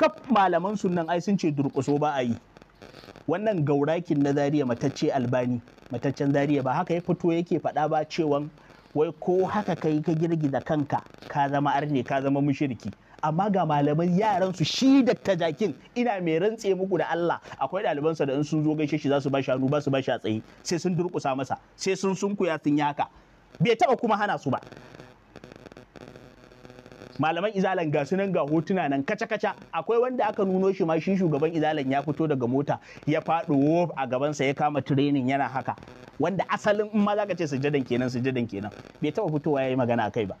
kaf malaman sunan ai sun ce durƙuso ba a yi wannan gaurakin na zariya matacce albani mataccen zariya ba haka ya fito yake faɗa ba cewan wai ko haka kai ka girgiza kanka ka zama arne ka zama mushriki amma ga malaman yaran su shi da jakin ina mai rantse muku da Allah akwai ɗalibansa da in sun zo gaishe shi za su ba shanu ba su ba shi a tsaye sai sun durƙusa masa sai sun sunkuya sun yaka bai taɓa kuma hana su ba malaman izalan ga sunan ga hotuna nan kaca-kaca akwai wanda aka nuno shi ma shi shugaban izalan ya fito daga mota ya faɗo a gabansa ya kama training yana haka wanda asalin in ma za ka ce sujadan kenan sujadan kenan bai taɓa fitowa ya yi magana kai ba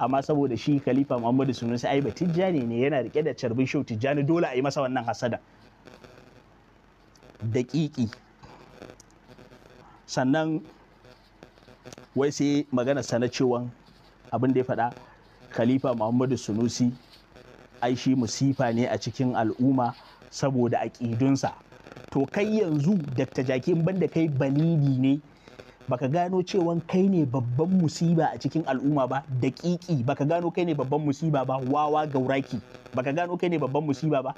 amma saboda shi khalifa muhammadu sunusi ai ba tijjani ne yana rike da carbin shau tijjani dole a yi masa wannan hasada daƙiƙi sannan wai sai magana sana cewan abin da ya faɗa khalifa muhammadu sunusi ai shi musifa ne a cikin al'umma saboda aƙidunsa to kai yanzu dr jakin banda kai balidi ne baka gano cewan kai ne babban musiba a cikin al'umma ba daƙiƙi baka gano kai ne babban musiba ba wawa gauraki baka gano kai ne babban musiba ba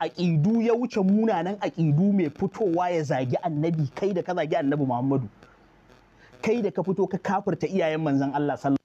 aƙidu ya wuce munanan aƙidu mai fitowa ya zagi annabi kai da ka zagi annabi muhammadu kai da ka fito ka kafirta iyayen manzon allah sallallahu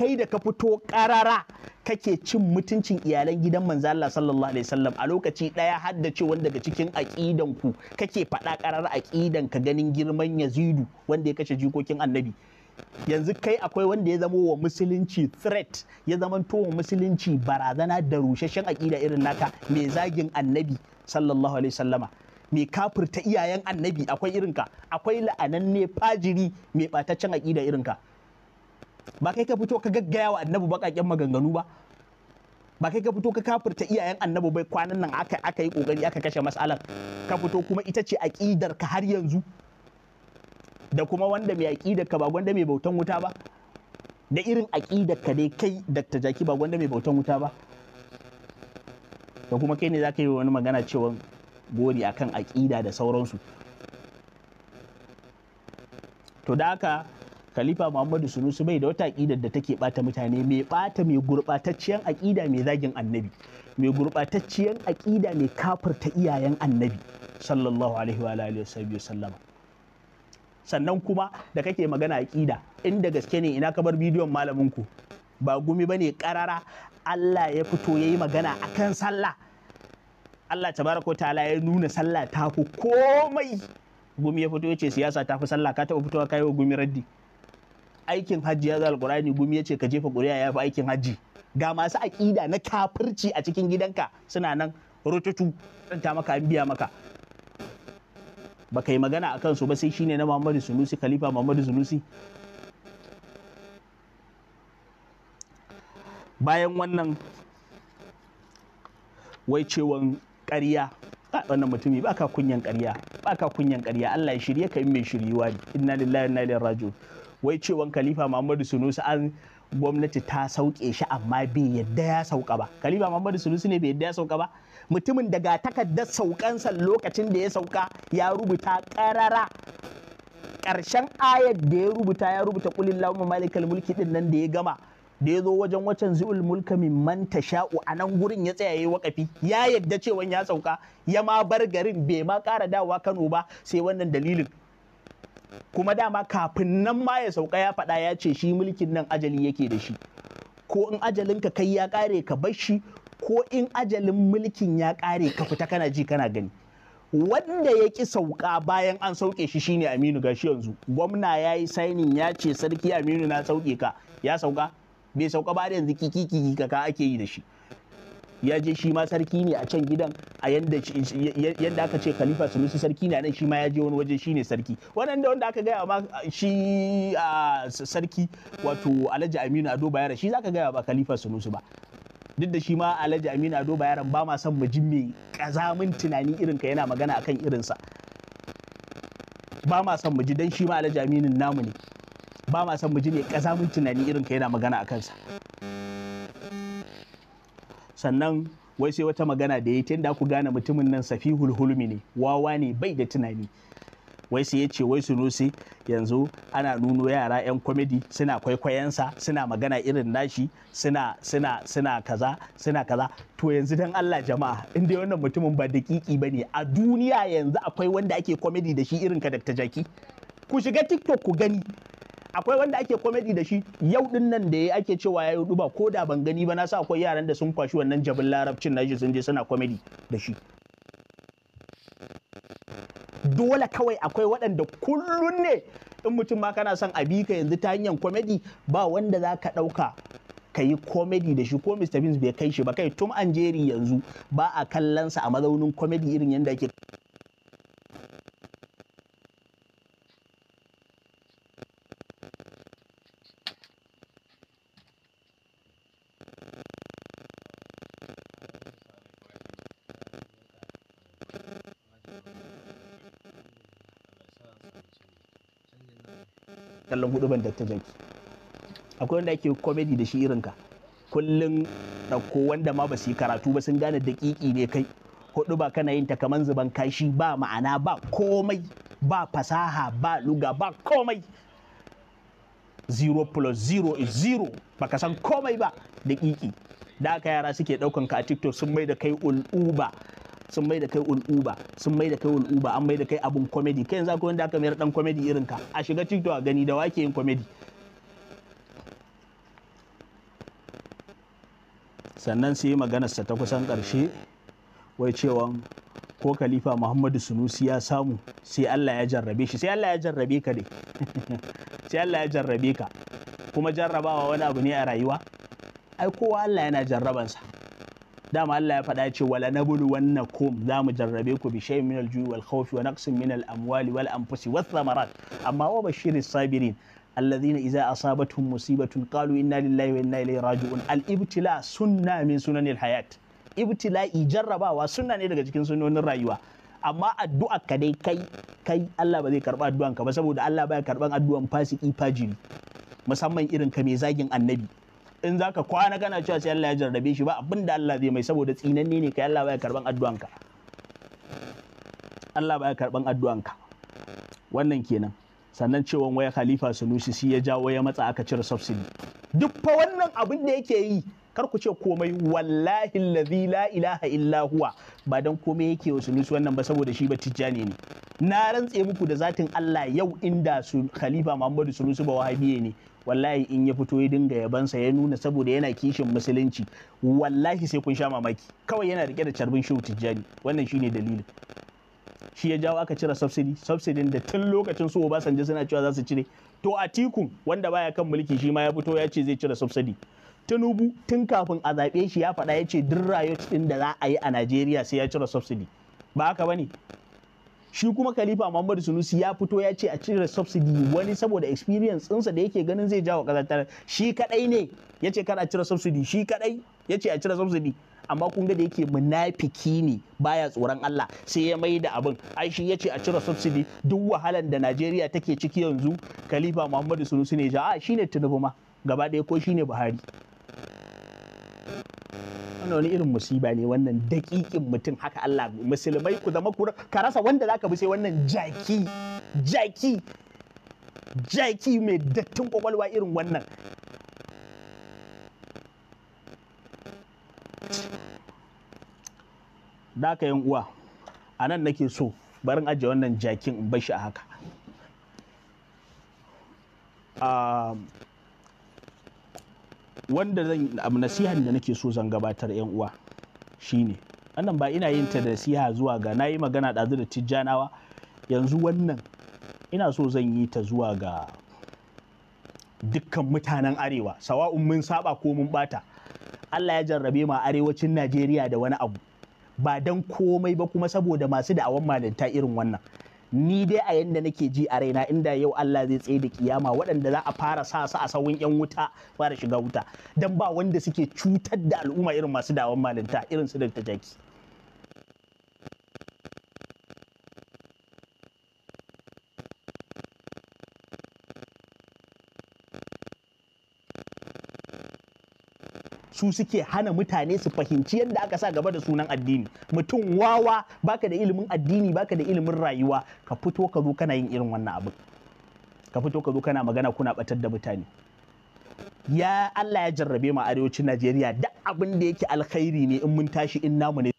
kai da ka fito karara kake cin mutuncin iyalan gidan Manzala Allah sallallahu alaihi wasallam a lokaci daya haddace wanda daga cikin aqidan ku kake faɗa ƙarar aqidan ka ganin girman Yazidu wanda ya kashe jikokin Annabi yanzu kai akwai wanda ya zama wa musulunci threat ya zama wa musulunci barazana da rusheshen aƙida irin naka mai zagin annabi sallallahu alaihi wasallama mai kafirta iyayen annabi akwai irinka akwai la'ananne fajiri mai ɓataccen aƙida irinka ba kai ka fito ka gaggaya wa annabi baƙaƙen maganganu ba ba kai ka fito ka kafirta iyayen annabi bai kwanan nan aka aka yi kokari aka kashe masalan ka fito kuma ita ce aqidar ka har yanzu da kuma wanda mai aqidar ka ba gwanda mai bautan wuta ba da irin aqidar ka dai kai Dr. Jaki ba gwanda mai bautan wuta ba da kuma kai ne zaka yi wani magana cewa gori akan aqida da sauransu to da haka khalifa muhammadu sunusu bai da wata aƙidar da take bata mutane mai bata mai gurɓatacciyar aƙida mai zagin annabi mai gurɓatacciyar aƙida mai kafirta iyayen annabi sallallahu alaihi wa alihi sallama sannan kuma da kake magana aƙida inda gaske ne ina ka bar bidiyon malamin ku ba gumi bane karara Allah ya fito yayi magana akan sallah Allah tabaraka ta'ala ya nuna sallah ta komai gumi ya fito ya ce siyasa ta fi sallah ka taɓa fitowa kayi wa gumi raddi aikin hajji ya zai alkurani gumi ya ce ka jefa ƙuri'a ya fi aikin hajji ga masu aƙida na kafirci a cikin gidanka suna nan rututu ta maka an biya maka ba ka yi magana a kansu ba sai shine na Muhammadu Sunusi Khalifa Muhammadu Sunusi bayan wannan wai cewon ƙarya wannan mutumi ba ka kunyan ƙarya ba ka kunyan ƙarya Allah ya shirya ka yi mai shiryuwa inna lillahi inna ilaihi raji'un wai cewan khalifa muhammadu sunusi an gwamnati ta sauke shi amma bai yadda ya sauka ba khalifa muhammadu sunusi ne bai yadda ya sauka ba mutumin daga takardar saukansa lokacin da ya sauka ya rubuta karara ƙarshen ayar da ya rubuta ya rubuta kulin lamun malikal mulki din nan da ya gama da ya zo wajen wacan zuul mulka min man sha'u a nan gurin ya tsaya yayi wakafi ya yadda cewa ya sauka ya ma bar garin bai ma ƙara dawa Kano ba sai wannan dalilin kuma dama kafin nan ma ya sauka ya faɗa ya ce shi mulkin nan ajali yake da shi ko in ajalin ka kai ya ƙare ka bar shi ko in ajalin mulkin ya ƙare ka fita kana ji kana gani wanda ya ƙi sauka bayan an sauke shi shine aminu gashi yanzu gwamna ya yi sainin ya ce sarki aminu na sauke ka ya sauka bai sauka ba da yanzu kiki kiki ka ake yi da shi ya je shi ma sarki ne a can gidan a yanda aka ce khalifa sunusi sarki ne nan shi ma ya je wani waje shi ne sarki wannan da wanda aka gaya ma shi sarki wato alhaji aminu ado bayara shi zaka gaya ba khalifa sunusi ba duk da shi ma alhaji aminu ado bayaran ba ma son mu ji mai kazamin tunani irin ka yana magana akan irin sa ba ma son mu ji dan shi ma alhaji aminu namu ne ba ma son mu ji mai kazamin tunani irin ka yana magana akan sa sannan wai sai wata magana da ya da ku gane mutumin nan safi hulhulmi ne wawa ne bai da tunani wai sai ya ce wai su nosi, yanzu ana nuno yara 'yan komedi. suna kwaikwayensa suna magana irin nashi suna kaza suna kaza to yanzu dan Allah jama'a inda wannan mutumin ba dakiki ba ne a duniya yanzu akwai wanda ake komedi da shi irin ka dakta jaki ku shiga tiktok ku gani akwai wanda ake komedi da shi yau din nan da ake cewa ya duba ko da ban gani ba na sa akwai yaran da sun kwashi wannan jabin larabcin naji sun je suna komedi da shi dole kawai akwai waɗanda kullun ne in mutum ma kana son a ka yanzu ta hanyar komedi ba wanda za ka ɗauka ka yi komedi da shi ko Mr. Beans bai kai shi ba kai tum Anjeri yanzu ba a kallonsa a mazaunin komedi irin yadda ake kallon hudu ban dakta jaki akwai wanda ake komedi da shi irin ka kullun ɗauko wanda ma ba su yi karatu ba sun gane daƙiƙi ne kai hudu ba kana yin ta kaman zuban kashi ba ma'ana ba komai ba fasaha ba luga ba komai zero plus zero is zero baka san komai ba daƙiƙi da aka yara suke ɗaukan ka a tiktok sun mai da kai ul'uba sun mai da kai ul'uba sun mai da kai ul'uba an mai da kai abun komedi kai yanzu akwai wanda aka mayar dan komedi irin ka a shiga tiktok gani da wake yin komedi sannan sai sa ta kusan karshe wai cewa ko khalifa muhammadu sunusi ya samu sai allah ya jarrabe shi sai allah ya jarrabe ka dai (laughs) sai allah ya jarrabe ka kuma jarrabawa wani abu ne a rayuwa ai kowa allah yana jarrabansa dama Allah ya faɗa ce wala nabulu kom za mu jarrabe ku bi min minal ju'i wal khawfi wa naqsin al amwali wal anfusi wa thamarat amma wa bashiris sabirin alladhina idza asabatuhum musibatun qalu inna lillahi wa inna ilayhi raji'un al ibtila sunna min sunanil hayat ibtila'i jarrabawa sunna ne daga cikin sunnonin rayuwa amma addu'a ka dai kai kai Allah ba zai karba addu'an ka ba saboda Allah baya karban addu'an fasiki fajiri musamman irin ka mai zagin annabi in za ka kwana kana cewa sai Allah ya jarrabe shi ba abin da Allah zai mai saboda tsinanne ne kai Allah ya karban addu'anka Allah ba ya karban addu'anka wannan kenan sannan cewa waya khalifa sunusi shi ya jawo ya matsa aka cire subsidy duk fa wannan abin da yake yi kar ku ce komai wallahi allazi la ilaha illa huwa ba dan komai yake wa sunusi wannan ba saboda shi ba tijjani ne na rantse muku da zatin Allah yau inda su khalifa Muhammadu Sulusu ba wahabiye ne wallahi in ya fito ya dinga yabansa ya nuna saboda yana kishin musulunci wallahi sai kun sha mamaki kawai yana rike da carbin shehu tijjani wannan shine dalilin shi ya jawo aka cire subsidy subsidy da tun lokacin su Obasanjo suna cewa za su cire to a tikun wanda baya kan mulki shi ma ya fito ya ce zai cire subsidy tunubu tun kafin a zaɓe shi ya faɗa ya ce duk rayot ɗin da za a yi a Najeriya sai ya cire subsidy ba haka bane shi kuma khalifa muhammadu sunusi ya fito ya ce a cire subsidy wani saboda experience ɗinsa da yake ganin zai jawo ƙasar shi kadai ne ya ce kada a cire subsidy shi kadai ya ce a cire subsidy amma kun ga da yake munafiki ne baya tsoron Allah sai ya mai da abin ai shi ya ce a cire subsidy duk wahalan da Najeriya take ciki yanzu Khalifa Muhammadu Sunusi ne ja a shine tunubuma gaba ɗaya ko shine Buhari wannan wani irin musiba ne wannan daƙiƙin mutum haka Allah musulmai ku zama ku ka rasa wanda zaka bi sai wannan jaki jaki jaki mai dattin kwakwalwa irin wannan daka yan uwa a nan nake so barin ajiye wannan jakin in bashi a haka ah, wanda zan nasiha da nake so zan gabatar yan uwa shine wannan ba ina yin ta da nasiha zuwa ga nayi magana ɗazu da tijjanawa yanzu wannan ina so zan yi ta zuwa ga dukkan mutanen arewa sawa'un mun saba ko mun bata Allah ya jarrabe ma arewacin Najeriya da wani abu ba dan komai ba kuma saboda masu da'awan malinta irin wannan ni dai a yanda nake ji a raina inda yau Allah zai tsaye da kiyama waɗanda za a fara sa su a sawun yan wuta fara shiga wuta dan ba wanda suke cutar da al'umma irin masu dawon malinta irin su da ta jaki su suke hana mutane su fahimci yadda aka sa gaba da sunan addini mutum wawa baka da ilimin addini baka da ilimin rayuwa ka fito ka zo kana yin irin wannan abin ka fito ka zo kana magana kuna batar da mutane ya Allah ya jarrabe mu arewacin Najeriya duk abin da yake alkhairi ne in mun tashi in namu ne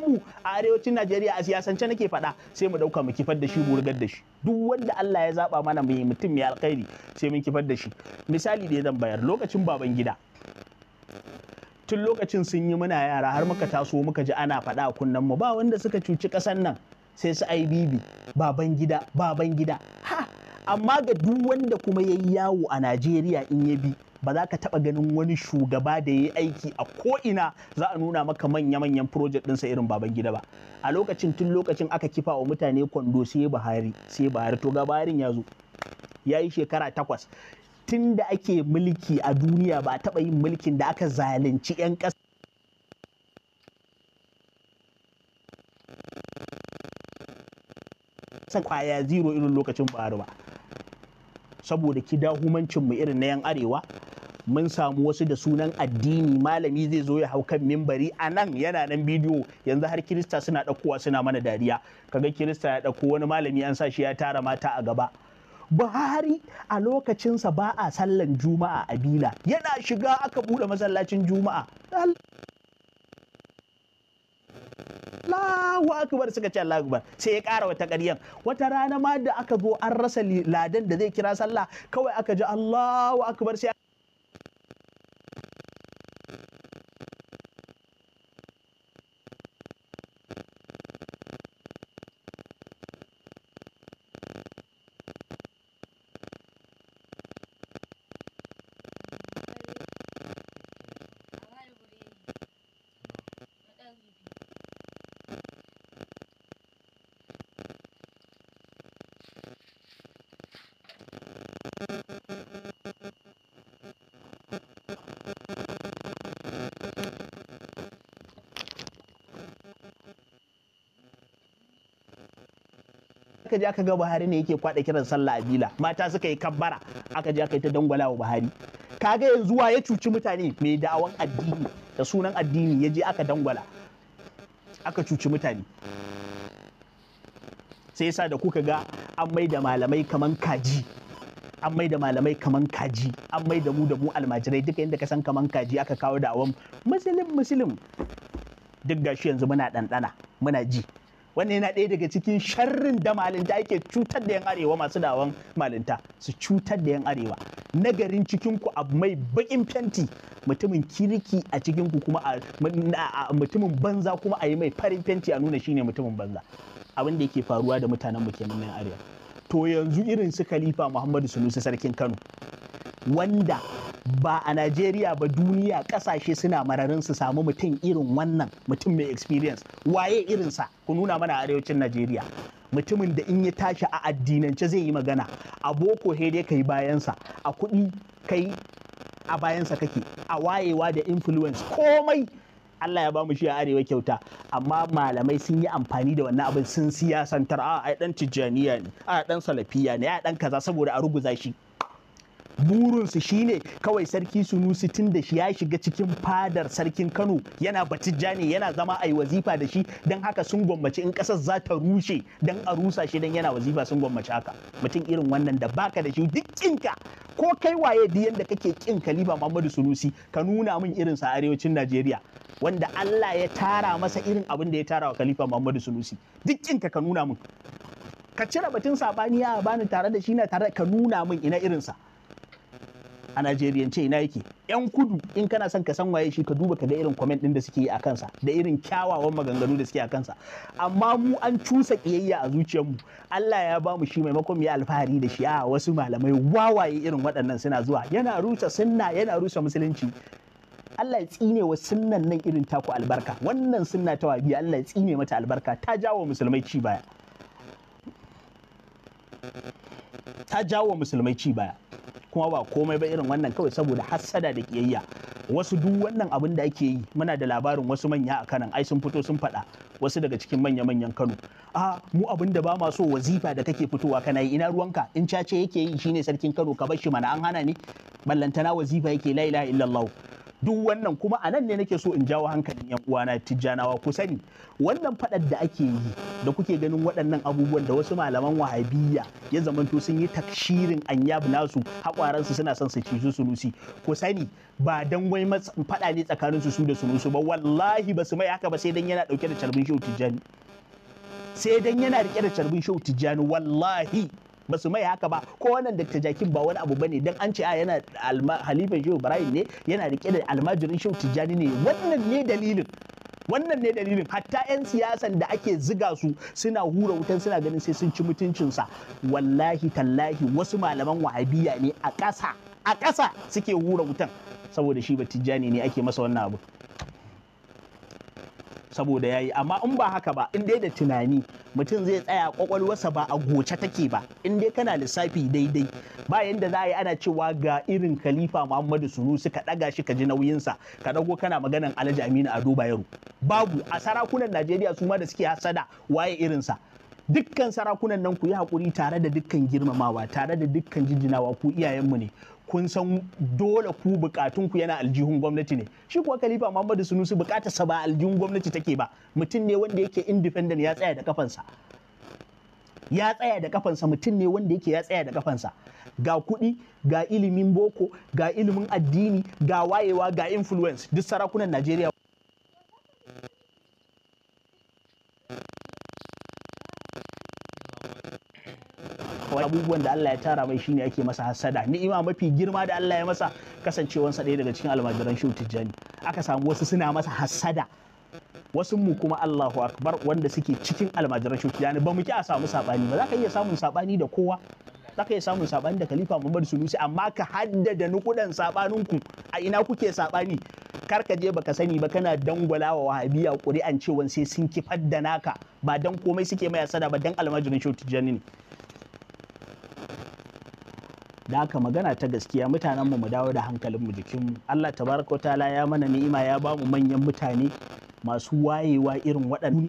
su a arewacin Najeriya a siyasance nake faɗa sai mu ɗauka mu kifar da shi mu rigar da shi duk wanda Allah ya zaba mana mai mutum mai alkhairi sai mun kifar da shi misali da zan bayar lokacin baban gida tun lokacin sun yi muna yara har muka taso muka ji ana faɗa a kunnen mu ba wanda suka cuci kasan nan sai su bibi baban gida baban gida ha amma ga duk wanda kuma yayi yawo a Najeriya in ya bi ba za ka taɓa ganin wani shugaba da ya yi aiki a ko'ina za a nuna maka manya-manyan project ɗinsa irin baban gida ba a lokacin tun lokacin aka kifa wa mutane kwando sai buhari sai buhari to ga buharin ya zo ya yi shekara takwas tun da ake mulki a duniya ba a taɓa yin mulkin da aka zalunci 'yan ƙasa san kwaya zero irin lokacin faruwa. ba saboda kidahumancin mu irin na yan arewa mun samu wasu da sunan addini malami zai zo ya hau kan mimbari a nan yana nan bidiyo yanzu har kirista suna ɗaukowa suna mana dariya kaga kirista ya ɗauko wani malami an sa shi ya tara mata a gaba Buhari a lokacinsa ba a sallan juma'a a bila yana shiga aka buɗe masallacin juma'a Allahu akbar suka ce Allahu akbar sai ya ƙara wata ƙaryan wata rana ma da aka zo an rasa ladan da zai kira sallah kawai aka ji Allahu akbar sai aka je aka ga Buhari ne yake kwada kiran sallah a bila mata suka yi kabbara aka je aka yi ta dangwala wa Buhari kaga yanzu wa ya cuci mutane mai da'awan addini da sunan addini ya je aka dangwala aka cuci mutane sai yasa da kuka ga an mai da malamai kaman kaji an mai da malamai kaman kaji an mai da mu da mu almajirai duka inda ka san kaman kaji aka kawo da awam musulun musulun duk gashi yanzu muna ɗanɗana muna ji wannan yana ɗaya daga cikin sharrin da malinta yake cutar da yan arewa masu dawon malinta su cutar da yan arewa nagarin cikin ku abu mai bakin fenti mutumin kiriki a cikin ku kuma mutumin banza kuma a yi mai farin fenti a nuna shine mutumin banza abin da yake faruwa da mutanen mu kenan yan arewa to yanzu irin su khalifa muhammadu sunusi sarkin kano wanda ba a Najeriya ba duniya kasashe suna mararin su samu mutum irin wannan mutum mai experience waye irinsa ku nuna mana arewacin Najeriya mutumin da in ya tashi a addinance zai yi magana a boko he dai kai bayansa a kuɗi kai a bayansa kake a wayewa da influence komai Allah ya ba mu shi a arewa kyauta amma malamai sun yi amfani da wannan abin sun siyasantar a dan tijjaniya ne a dan salafiya ne a dan kaza saboda a ruguza shi burinsu shine kawai sarki sunusi tun da shi ya shiga cikin fadar sarkin kano yana batijja ne yana zama a yi wazifa da shi don haka sun gwammaci in ƙasar za ta rushe don a rusa shi don yana wazifa sun gwammaci haka mutum irin wannan da baka da shi duk kinka ko kai waye da yanda kake kin kalifa muhammadu sunusi ka nuna min irin sa arewacin najeriya wanda allah ya tara masa irin abin da ya tara wa kalifa muhammadu sunusi duk kinka ka nuna min ka cire batun sabani ya bani tare da shi na tare ka nuna min ina irinsa. sa a ce ina yake yan kudu in kana son ka san waye shi ka duba ka ga irin comment din da suke yi a kansa da irin kyawawan maganganu da suke a kansa amma mu an cusa kiyayya a zuciyar mu Allah ya ba mu shi maimakon mu yi alfahari da shi a wasu malamai wawaye irin waɗannan suna zuwa yana rusa sunna yana rusa musulunci Allah ya tsine wa sunnan nan irin taku albarka wannan sunna ta wabi Allah ya tsine mata albarka ta jawo musulmai ci baya ta jawo musulmai ci baya kuma ba komai ba irin wannan kawai saboda hassada da kiyayya wasu duk wannan abin da ake yi muna da labarin wasu manya a kanan ai sun fito sun faɗa wasu daga cikin manya manyan Kano a mu abin da ba ma so wazifa da kake fitowa kana yi ina ruwanka in cace yake yi shine sarkin Kano ka bar shi mana an hana ni ballantana wazifa yake la ilaha illallah duk wannan kuma a nan ne nake so in jawo hankalin yan uwana tijjanawa ku sani wannan fadar da ake yi da kuke ganin waɗannan abubuwan da wasu malaman wahabiyya ya zamanto sun yi takshirin anyab nasu haƙwaransu suna son su su sunusi ku sani ba dan wai fada ne tsakanin su su da sunusu ba wallahi ba su mai haka ba sai dan yana dauke da carbin shau tijjani sai dan yana rike da carbin shau tijjani wallahi ba su mai haka ba ko wannan Dr. Jakin ba wani abu bane dan an ce a ah, yana halifan Shehu Ibrahim ne yana rike da almajirin Shehu Tijjani ne wannan ne dalilin wannan ne dalilin hatta 'yan siyasan da ake ziga su suna hura wutan suna ganin sai sun ci mutuncinsa wallahi tallahi wasu malaman wahabiya ne a ƙasa a ƙasa suke hura wutan saboda shi ba tijjani ne ake masa wannan abu saboda ya yi amma in ba haka ba in dai da tunani mutum zai tsaya kwakwalwarsa ba a goce take ba in dai kana lissafi daidai ba yanda za a yi ana cewa ga irin khalifa muhammadu sunusi ka ɗaga shi ka ji nauyinsa ka ɗago kana maganan alhaji aminu ado bayero babu a sarakunan najeriya su ma da suke hasada waye irinsa dukkan sarakunan nan ku yi hakuri tare da dukkan girmamawa tare da dukkan jinjinawa ku iyayenmu ne kun san dole ku bukatun ku yana aljihun gwamnati ne shi kuwa khalifa muhammadu sunusi bukatar sa ba aljihun gwamnati take ba mutum ne wanda yake independent ya tsaya da kafansa ya tsaya da kafansa mutum ne wanda yake ya tsaya da kafansa ga kuɗi ga ilimin boko ga ilimin addini ga wayewa ga influence duk sarakunan najeriya kawai abubuwan da Allah ya tara mai shine ake masa hasada ni'ima mafi girma da Allah ya masa kasancewansa ɗaya daga cikin almajiran shu tijjani aka samu wasu suna masa hasada wasu mu kuma Allahu akbar wanda suke cikin almajiran shu tijjani ba mu ki a samu sabani ba za ka iya samun sabani da kowa za ka iya samun sabani da khalifa Muhammad Sulusi amma ka hadda haddada nukudan sabaninku a ina kuke sabani kar ka je baka sani ba kana dangwala wa wahabiya ƙuri'an cewa sai sun kifar da naka ba dan komai suke mai asada ba dan almajirin tijjani ne da aka magana ta gaskiya mutanen mu dawo da hankalin mu jikin mu Allah tabaraka ta'ala ya mana ni'ima ya ba mu manyan mutane masu wayewa irin waɗannan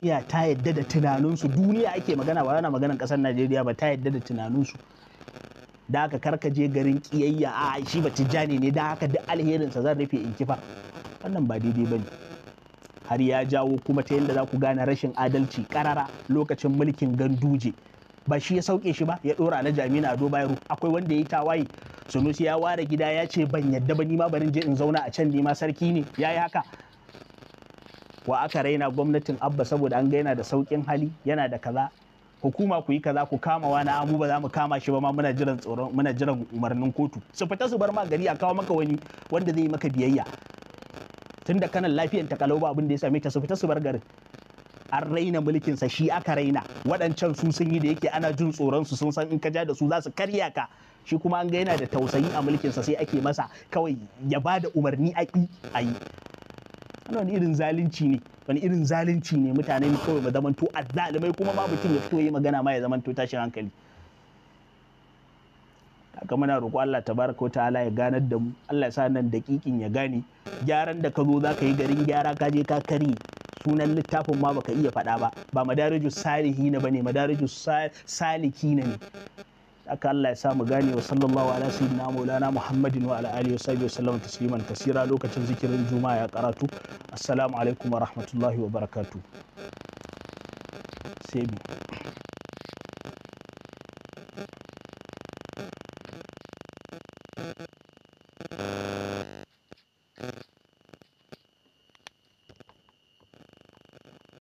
duniya ta yadda da tunaninsu duniya ake magana ba yana maganar kasar najeriya ba ta yadda da tunaninsu da kar karkaje je garin kiyayya a shi ba tijjani ne da haka duk alherinsa zan rufe in kifa wannan ba daidai ba ne har ya jawo kuma ta yadda za ku gane rashin adalci karara lokacin mulkin ganduje ba shi ya sauke shi ba ya dora na na ado bayero akwai wanda ya yi tawaye sunusi ya ware gida ya ce ban yadda ba nima barin je in zauna a can nima sarki ne ya yi haka wa aka raina gwamnatin abba saboda an ga yana da saukin hali yana da kaza hukuma ku yi kaza ku kama na amu ba za mu kama shi ba ma muna jiran tsoron muna jiran umarnin kotu su fita su bar ma gari a kawo maka wani wanda zai yi maka biyayya Tun da kanan lafiyan ta kalau ba abin da ya same ta su fita su bar garin an raina mulkin sa shi aka raina waɗancan su sun yi da yake ana jin tsoron su sun san in ka ja da su za su karya ka shi kuma an ga yana da tausayi a mulkin sa sai ake masa kawai ya ba da umarni a yi a yi wani irin zalunci ne wani irin zalunci ne mutane kawai mu zamanto azzalumai kuma ma mutum ya fito yi magana ma ya zamanto tashin hankali haka muna roƙo Allah tabaraka wata ala ya ganar da mu Allah ya sa nan daƙiƙin ya gane gyaran da ka zo za ka yi garin gyara ka je ka kari sunan littafin ma baka iya faɗa ba ba madaraju na bane madaraju na ne aka Allah ya sa mu gane wa sallallahu ala sayyidina maulana muhammadin wa ala alihi wa sahbihi sallam tasliman kasira lokacin zikirin juma'a ya karatu assalamu alaikum wa rahmatullahi wa barakatuh sai